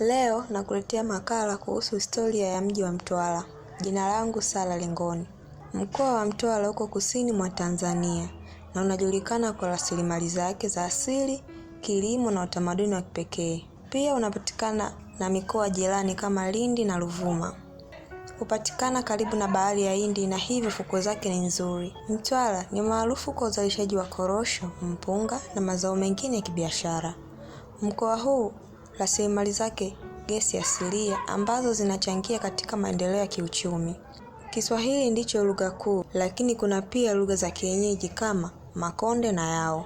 Leo nakuletea makala kuhusu historia ya mji wa Mtwara. Jina langu Sara Lingoni. Mkoa wa Mtwara uko kusini mwa Tanzania na unajulikana kwa rasilimali zake za asili, kilimo na utamaduni wa kipekee. Pia unapatikana na mikoa jirani kama Lindi na Ruvuma. Hupatikana karibu na bahari ya Hindi na hivyo fukwe zake ni nzuri. Mtwara ni maarufu kwa uzalishaji wa korosho, mpunga na mazao mengine ya kibiashara. Mkoa huu rasilimali zake gesi asilia ambazo zinachangia katika maendeleo ya kiuchumi. Kiswahili ndicho lugha kuu, lakini kuna pia lugha za kienyeji kama Makonde na Yao.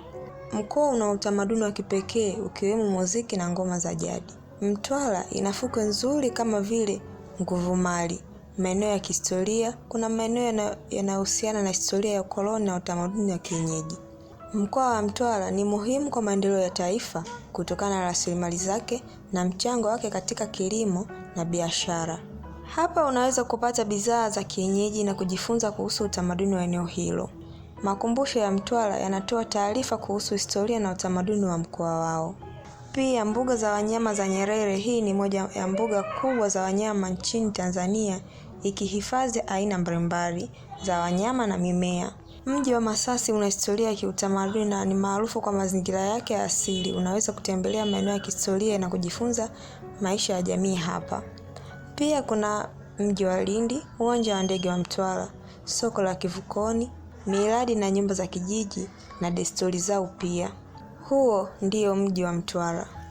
Mkoa una utamaduni wa kipekee ukiwemo muziki na ngoma za jadi. Mtwara ina fukwe nzuri kama vile Nguvumali, maeneo ya kihistoria. Kuna maeneo yanayohusiana na historia ya ukoloni na utamaduni wa kienyeji. Mkoa wa Mtwara ni muhimu kwa maendeleo ya taifa kutokana na rasilimali zake na mchango wake katika kilimo na biashara. Hapa unaweza kupata bidhaa za kienyeji na kujifunza kuhusu utamaduni wa eneo hilo. Makumbusho ya Mtwara yanatoa taarifa kuhusu historia na utamaduni wa mkoa wao. Pia mbuga za wanyama za Nyerere, hii ni moja ya mbuga kubwa za wanyama nchini Tanzania, ikihifadhi aina mbalimbali za wanyama na mimea. Mji wa Masasi una historia ya kiutamaduni na ni maarufu kwa mazingira yake ya asili. Unaweza kutembelea maeneo ya kihistoria na kujifunza maisha ya jamii hapa. Pia kuna mji wa Lindi, uwanja wa ndege wa Mtwara, soko la Kivukoni, miradi na nyumba za kijiji na desturi zao pia. Huo ndio mji wa Mtwara.